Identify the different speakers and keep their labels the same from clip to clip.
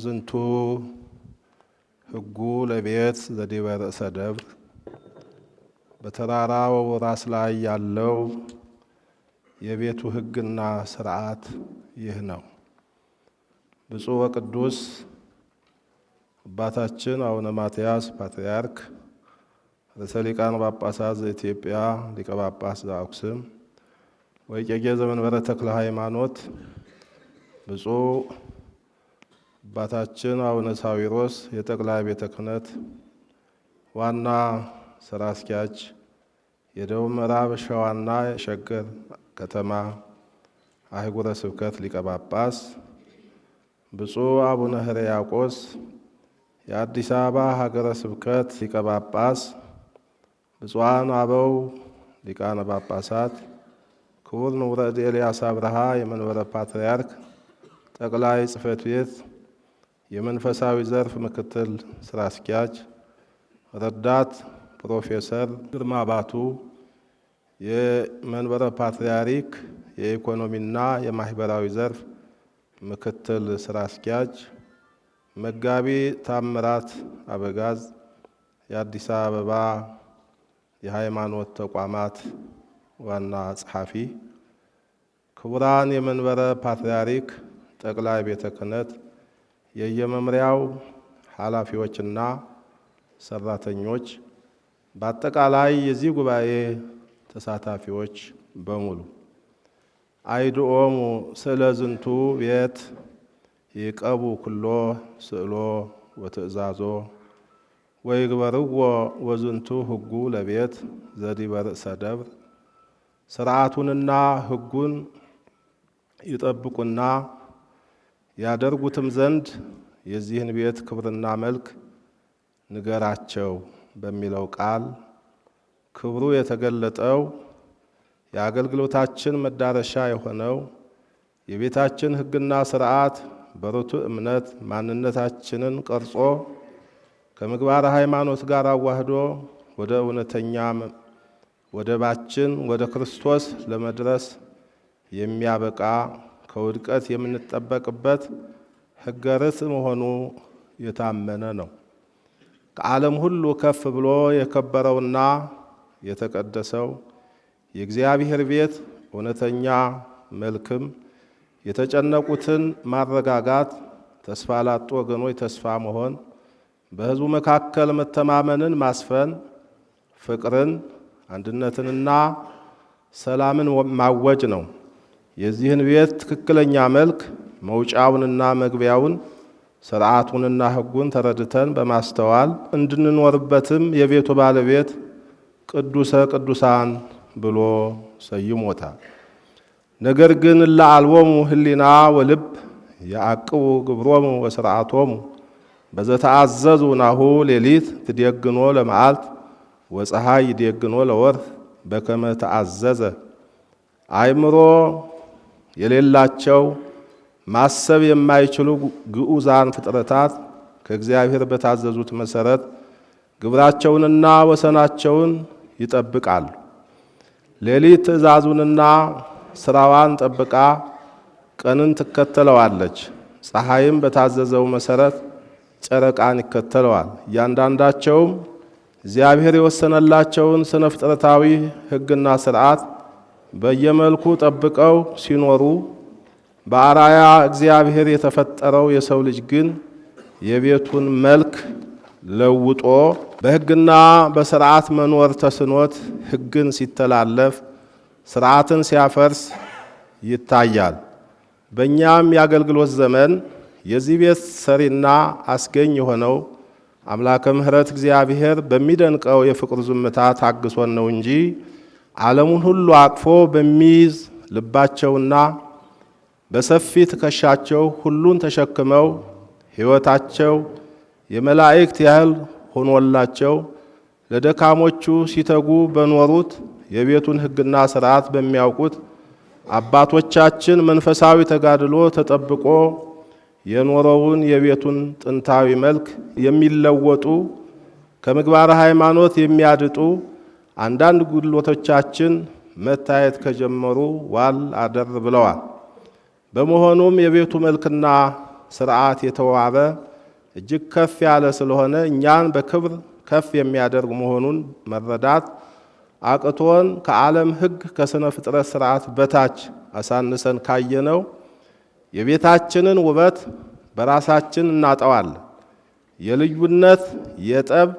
Speaker 1: አዝንቱ ህጉ ለቤት ዘዲበ ርእሰ ደብር በተራራው ራስ ላይ ያለው የቤቱ ህግና ስርዓት ይህ ነው። ብፁዕ ወቅዱስ አባታችን አቡነ ማትያስ ፓትርያርክ ርዕሰ ሊቃነ ጳጳሳት ዘኢትዮጵያ ሊቀ ጳጳስ ዘአክሱም ወእጨጌ ዘመንበረ ተክለ ሃይማኖት ብፁዕ አባታችን አቡነ ሳዊሮስ የጠቅላይ ቤተ ክህነት ዋና ስራ አስኪያጅ፣ የደቡብ ምዕራብ ሸዋና የሸገር ከተማ አህጉረ ስብከት ሊቀ ጳጳስ፣ ብፁዕ አቡነ ሕርያቆስ የአዲስ አበባ ሀገረ ስብከት ሊቀ ጳጳስ፣ ብፁዓን አበው ሊቃነ ጳጳሳት፣ ክቡር ንቡረ እድ ኤልያስ አብርሃ የመንበረ ፓትርያርክ ጠቅላይ ጽሕፈት ቤት የመንፈሳዊ ዘርፍ ምክትል ስራ አስኪያጅ ረዳት ፕሮፌሰር ግርማ ባቱ፣ የመንበረ ፓትርያርክ የኢኮኖሚና የማህበራዊ ዘርፍ ምክትል ስራ አስኪያጅ መጋቢ ታምራት አበጋዝ፣ የአዲስ አበባ የሃይማኖት ተቋማት ዋና ጸሐፊ፣ ክቡራን የመንበረ ፓትርያርክ ጠቅላይ ቤተ ክህነት የየመምሪያው ኃላፊዎችና ሰራተኞች በአጠቃላይ የዚህ ጉባኤ ተሳታፊዎች በሙሉ አይድኦሙ ስእለ ዝንቱ ቤት ይቀቡ ኩሎ ስእሎ ወትእዛዞ ወይግበርዎ ወዝንቱ ህጉ ለቤት ዘዲበርእሰ ደብር ስርዓቱንና ህጉን ይጠብቁና ያደርጉትም ዘንድ የዚህን ቤት ክብርና መልክ ንገራቸው በሚለው ቃል ክብሩ የተገለጠው የአገልግሎታችን መዳረሻ የሆነው የቤታችን ሕግና ስርዓት በርቱ እምነት ማንነታችንን ቀርጾ ከምግባር ሃይማኖት ጋር አዋህዶ ወደ እውነተኛ ወደባችን ወደ ክርስቶስ ለመድረስ የሚያበቃ ከውድቀት የምንጠበቅበት ሕገ ርስ መሆኑ የታመነ ነው። ከዓለም ሁሉ ከፍ ብሎ የከበረውና የተቀደሰው የእግዚአብሔር ቤት እውነተኛ መልክም የተጨነቁትን ማረጋጋት፣ ተስፋ ላጡ ወገኖች ተስፋ መሆን፣ በሕዝቡ መካከል መተማመንን ማስፈን፣ ፍቅርን አንድነትንና ሰላምን ማወጅ ነው። የዚህን ቤት ትክክለኛ መልክ መውጫውንና መግቢያውን ስርዓቱንና ሕጉን ተረድተን በማስተዋል እንድንኖርበትም የቤቱ ባለቤት ቅዱሰ ቅዱሳን ብሎ ሰይሞታል። ነገር ግን ለአልቦሙ ህሊና ወልብ የአቅቡ ግብሮሙ ወስርዓቶሙ በዘተአዘዙ ናሁ ሌሊት ትደግኖ ለመዓልት ወፀሐይ ይደግኖ ለወርህ በከመ ተአዘዘ አይምሮ የሌላቸው ማሰብ የማይችሉ ግዑዛን ፍጥረታት ከእግዚአብሔር በታዘዙት መሰረት ግብራቸውንና ወሰናቸውን ይጠብቃሉ። ሌሊት ትእዛዙንና ስራዋን ጠብቃ ቀንን ትከተለዋለች። ፀሐይም በታዘዘው መሰረት ጨረቃን ይከተለዋል። እያንዳንዳቸውም እግዚአብሔር የወሰነላቸውን ስነ ፍጥረታዊ ሕግና ስርዓት በየመልኩ ጠብቀው ሲኖሩ በአራያ እግዚአብሔር የተፈጠረው የሰው ልጅ ግን የቤቱን መልክ ለውጦ በሕግና በስርዓት መኖር ተስኖት ሕግን ሲተላለፍ ስርዓትን ሲያፈርስ ይታያል። በእኛም የአገልግሎት ዘመን የዚህ ቤት ሰሪና አስገኝ የሆነው አምላከ ምሕረት እግዚአብሔር በሚደንቀው የፍቅር ዝምታ ታግሶን ነው እንጂ ዓለሙን ሁሉ አቅፎ በሚይዝ ልባቸውና በሰፊ ትከሻቸው ሁሉን ተሸክመው ሕይወታቸው የመላእክት ያህል ሆኖላቸው ለደካሞቹ ሲተጉ በኖሩት የቤቱን ሕግና ሥርዓት በሚያውቁት አባቶቻችን መንፈሳዊ ተጋድሎ ተጠብቆ የኖረውን የቤቱን ጥንታዊ መልክ የሚለወጡ ከምግባረ ሃይማኖት የሚያድጡ አንዳንድ ጉድለቶቻችን መታየት ከጀመሩ ዋል አደር ብለዋል። በመሆኑም የቤቱ መልክና ስርዓት የተዋበ እጅግ ከፍ ያለ ስለሆነ እኛን በክብር ከፍ የሚያደርግ መሆኑን መረዳት አቅቶን ከዓለም ሕግ ከሥነ ፍጥረት ስርዓት በታች አሳንሰን ካየነው የቤታችንን ውበት በራሳችን እናጠዋለን። የልዩነት፣ የጠብ፣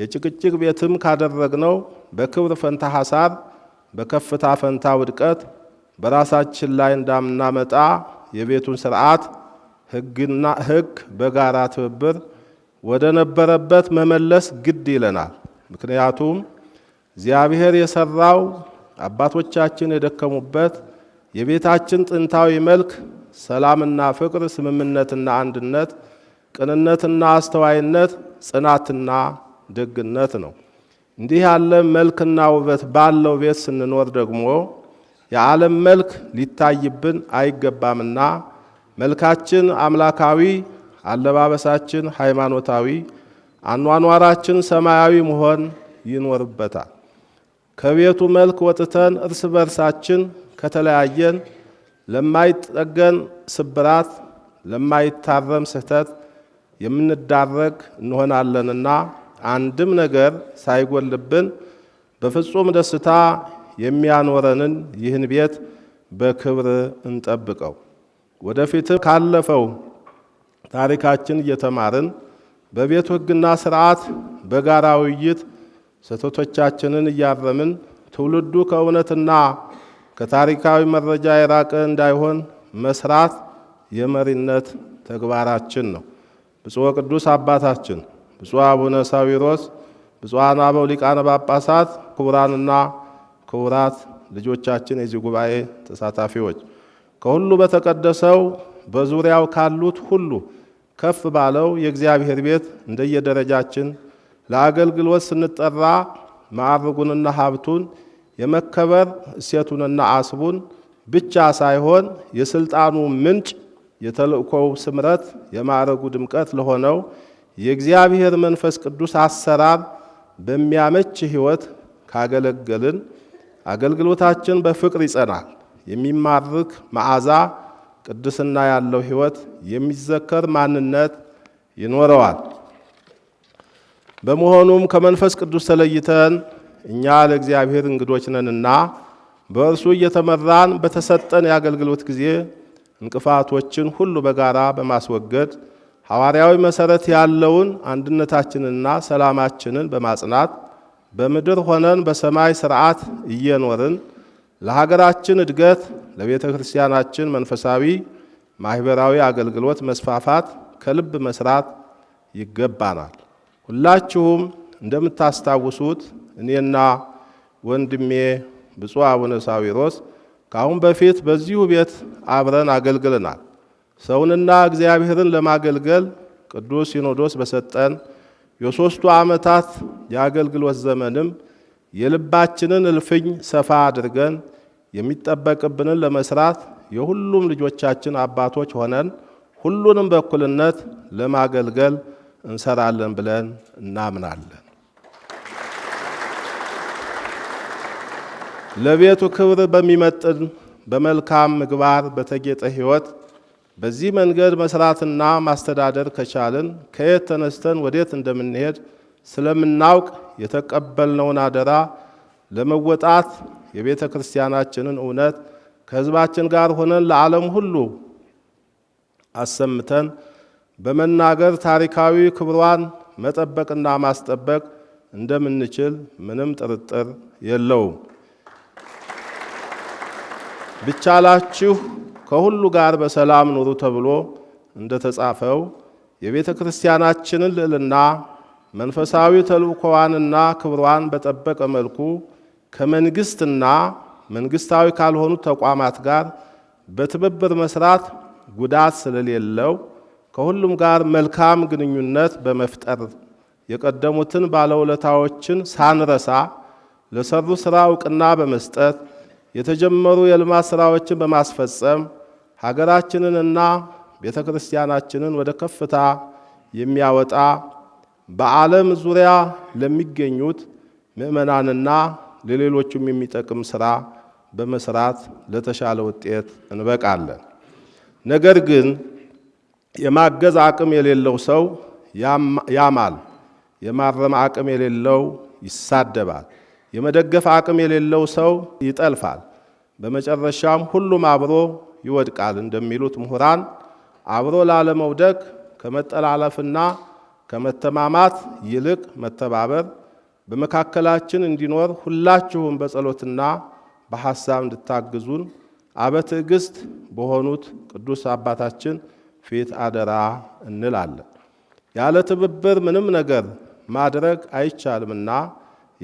Speaker 1: የጭቅጭቅ ቤትም ካደረግነው በክብር ፈንታ ሐሳብ፣ በከፍታ ፈንታ ውድቀት በራሳችን ላይ እንዳምናመጣ የቤቱን ስርዓት ህግና ህግ በጋራ ትብብር ወደ ነበረበት መመለስ ግድ ይለናል። ምክንያቱም እግዚአብሔር የሰራው አባቶቻችን የደከሙበት የቤታችን ጥንታዊ መልክ ሰላምና ፍቅር፣ ስምምነትና አንድነት፣ ቅንነትና አስተዋይነት፣ ጽናትና ደግነት ነው። እንዲህ ያለ መልክና ውበት ባለው ቤት ስንኖር ደግሞ የዓለም መልክ ሊታይብን አይገባምና መልካችን አምላካዊ፣ አለባበሳችን ሃይማኖታዊ፣ አኗኗራችን ሰማያዊ መሆን ይኖርበታል። ከቤቱ መልክ ወጥተን እርስ በርሳችን ከተለያየን ለማይጠገን ስብራት፣ ለማይታረም ስህተት የምንዳረግ እንሆናለንና አንድም ነገር ሳይጎልብን በፍጹም ደስታ የሚያኖረንን ይህን ቤት በክብር እንጠብቀው። ወደፊትም ካለፈው ታሪካችን እየተማርን በቤቱ ሕግና ስርዓት በጋራ ውይይት ስህተቶቻችንን እያረምን ትውልዱ ከእውነትና ከታሪካዊ መረጃ የራቀ እንዳይሆን መስራት የመሪነት ተግባራችን ነው። ብፁዕ ቅዱስ አባታችን ብፁዕ አቡነ ሳዊሮስ፣ ብፁዓን አበው ሊቃነ ጳጳሳት፣ ክቡራንና ክቡራት ልጆቻችን የዚህ ጉባኤ ተሳታፊዎች ከሁሉ በተቀደሰው በዙሪያው ካሉት ሁሉ ከፍ ባለው የእግዚአብሔር ቤት እንደየደረጃችን ለአገልግሎት ስንጠራ ማዕርጉንና ሀብቱን የመከበር እሴቱንና አስቡን ብቻ ሳይሆን የስልጣኑ ምንጭ የተልእኮው ስምረት የማዕረጉ ድምቀት ለሆነው የእግዚአብሔር መንፈስ ቅዱስ አሰራር በሚያመች ሕይወት ካገለገልን አገልግሎታችን በፍቅር ይጸናል። የሚማርክ መዓዛ ቅድስና ያለው ሕይወት የሚዘከር ማንነት ይኖረዋል። በመሆኑም ከመንፈስ ቅዱስ ተለይተን እኛ ለእግዚአብሔር እንግዶች ነንና በእርሱ እየተመራን በተሰጠን የአገልግሎት ጊዜ እንቅፋቶችን ሁሉ በጋራ በማስወገድ ሐዋርያዊ መሰረት ያለውን አንድነታችንና ሰላማችንን በማጽናት በምድር ሆነን በሰማይ ስርዓት እየኖርን ለሀገራችን እድገት ለቤተ ክርስቲያናችን መንፈሳዊ ማህበራዊ አገልግሎት መስፋፋት ከልብ መስራት ይገባናል። ሁላችሁም እንደምታስታውሱት እኔና ወንድሜ ብፁዕ አቡነ ሳዊሮስ ከአሁን በፊት በዚሁ ቤት አብረን አገልግለናል። ሰውንና እግዚአብሔርን ለማገልገል ቅዱስ ሲኖዶስ በሰጠን የሦስቱ ዓመታት የአገልግሎት ዘመንም የልባችንን እልፍኝ ሰፋ አድርገን የሚጠበቅብንን ለመስራት የሁሉም ልጆቻችን አባቶች ሆነን ሁሉንም በእኩልነት ለማገልገል እንሰራለን ብለን እናምናለን። ለቤቱ ክብር በሚመጥን በመልካም ምግባር በተጌጠ ሕይወት በዚህ መንገድ መስራትና ማስተዳደር ከቻልን ከየት ተነስተን ወዴት እንደምንሄድ ስለምናውቅ የተቀበልነውን አደራ ለመወጣት የቤተ ክርስቲያናችንን እውነት ከሕዝባችን ጋር ሆነን ለዓለም ሁሉ አሰምተን በመናገር ታሪካዊ ክብሯን መጠበቅና ማስጠበቅ እንደምንችል ምንም ጥርጥር የለውም። ብቻላችሁ ከሁሉ ጋር በሰላም ኑሩ ተብሎ እንደተጻፈው የቤተ ክርስቲያናችንን ልዕልና መንፈሳዊ ተልእኮዋንና ክብሯን በጠበቀ መልኩ ከመንግስትና መንግስታዊ ካልሆኑ ተቋማት ጋር በትብብር መስራት ጉዳት ስለሌለው ከሁሉም ጋር መልካም ግንኙነት በመፍጠር የቀደሙትን ባለውለታዎችን ሳንረሳ ለሰሩ ስራ እውቅና በመስጠት የተጀመሩ የልማት ስራዎችን በማስፈጸም ሀገራችንንና ቤተ ክርስቲያናችንን ወደ ከፍታ የሚያወጣ በዓለም ዙሪያ ለሚገኙት ምእመናንና ለሌሎቹም የሚጠቅም ስራ በመስራት ለተሻለ ውጤት እንበቃለን። ነገር ግን የማገዝ አቅም የሌለው ሰው ያማል፣ የማረም አቅም የሌለው ይሳደባል፣ የመደገፍ አቅም የሌለው ሰው ይጠልፋል። በመጨረሻም ሁሉም አብሮ ይወድቃል እንደሚሉት ምሁራን አብሮ ላለመውደቅ ከመጠላለፍና ከመተማማት ይልቅ መተባበር በመካከላችን እንዲኖር ሁላችሁም በጸሎትና በሐሳብ እንድታግዙን አበትዕግስት በሆኑት ቅዱስ አባታችን ፊት አደራ እንላለን። ያለ ትብብር ምንም ነገር ማድረግ አይቻልምና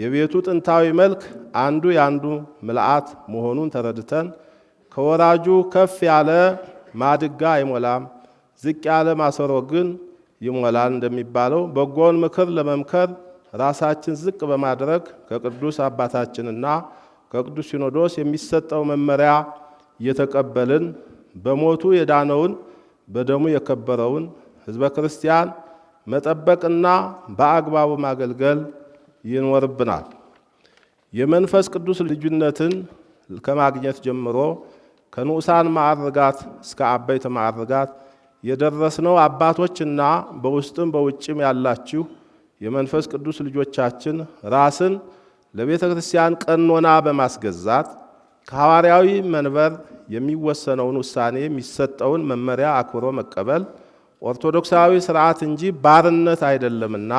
Speaker 1: የቤቱ ጥንታዊ መልክ አንዱ የአንዱ ምልአት መሆኑን ተረድተን ከወራጁ ከፍ ያለ ማድጋ አይሞላም፣ ዝቅ ያለ ማሰሮ ግን ይሞላል እንደሚባለው በጎን ምክር ለመምከር ራሳችን ዝቅ በማድረግ ከቅዱስ አባታችንና ከቅዱስ ሲኖዶስ የሚሰጠው መመሪያ እየተቀበልን በሞቱ የዳነውን በደሙ የከበረውን ሕዝበ ክርስቲያን መጠበቅና በአግባቡ ማገልገል ይኖርብናል። የመንፈስ ቅዱስ ልጅነትን ከማግኘት ጀምሮ ከንዑሳን ማዕርጋት እስከ አበይት ማዕርጋት የደረስነው አባቶችና በውስጥም በውጭም ያላችሁ የመንፈስ ቅዱስ ልጆቻችን ራስን ለቤተ ክርስቲያን ቀኖና በማስገዛት ከሐዋርያዊ መንበር የሚወሰነውን ውሳኔ የሚሰጠውን መመሪያ አክብሮ መቀበል ኦርቶዶክሳዊ ስርዓት እንጂ ባርነት አይደለምና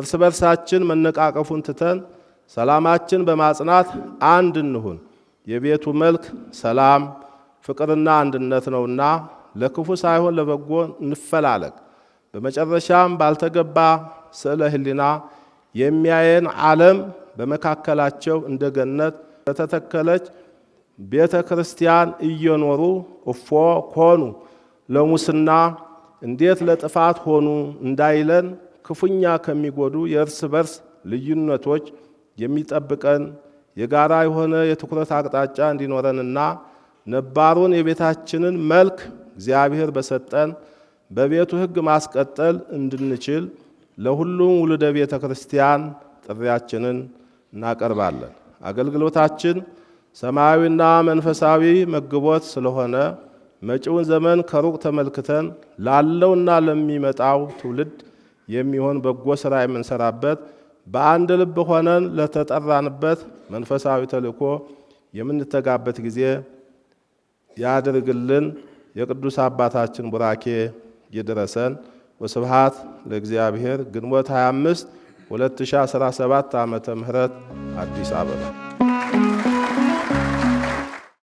Speaker 1: እርስ በርሳችን መነቃቀፉን ትተን ሰላማችን በማጽናት አንድ እንሁን። የቤቱ መልክ ሰላም፣ ፍቅርና አንድነት ነውና ለክፉ ሳይሆን ለበጎ እንፈላለግ። በመጨረሻም ባልተገባ ስዕለ ሕሊና የሚያየን ዓለም በመካከላቸው እንደ ገነት በተተከለች ቤተ ክርስቲያን እየኖሩ እፎ ኮኑ ለሙስና እንዴት ለጥፋት ሆኑ እንዳይለን ክፉኛ ከሚጎዱ የእርስ በርስ ልዩነቶች የሚጠብቀን የጋራ የሆነ የትኩረት አቅጣጫ እንዲኖረንና ነባሩን የቤታችንን መልክ እግዚአብሔር በሰጠን በቤቱ ሕግ ማስቀጠል እንድንችል ለሁሉም ውልደ ቤተ ክርስቲያን ጥሪያችንን እናቀርባለን። አገልግሎታችን ሰማያዊና መንፈሳዊ መግቦት ስለሆነ መጪውን ዘመን ከሩቅ ተመልክተን ላለውና ለሚመጣው ትውልድ የሚሆን በጎ ሥራ የምንሰራበት በአንድ ልብ ሆነን ለተጠራንበት መንፈሳዊ ተልእኮ የምንተጋበት ጊዜ ያድርግልን። የቅዱስ አባታችን ቡራኬ ይድረሰን። ወስብሃት ለእግዚአብሔር። ግንቦት 25 2017 ዓመተ ምህረት አዲስ አበባ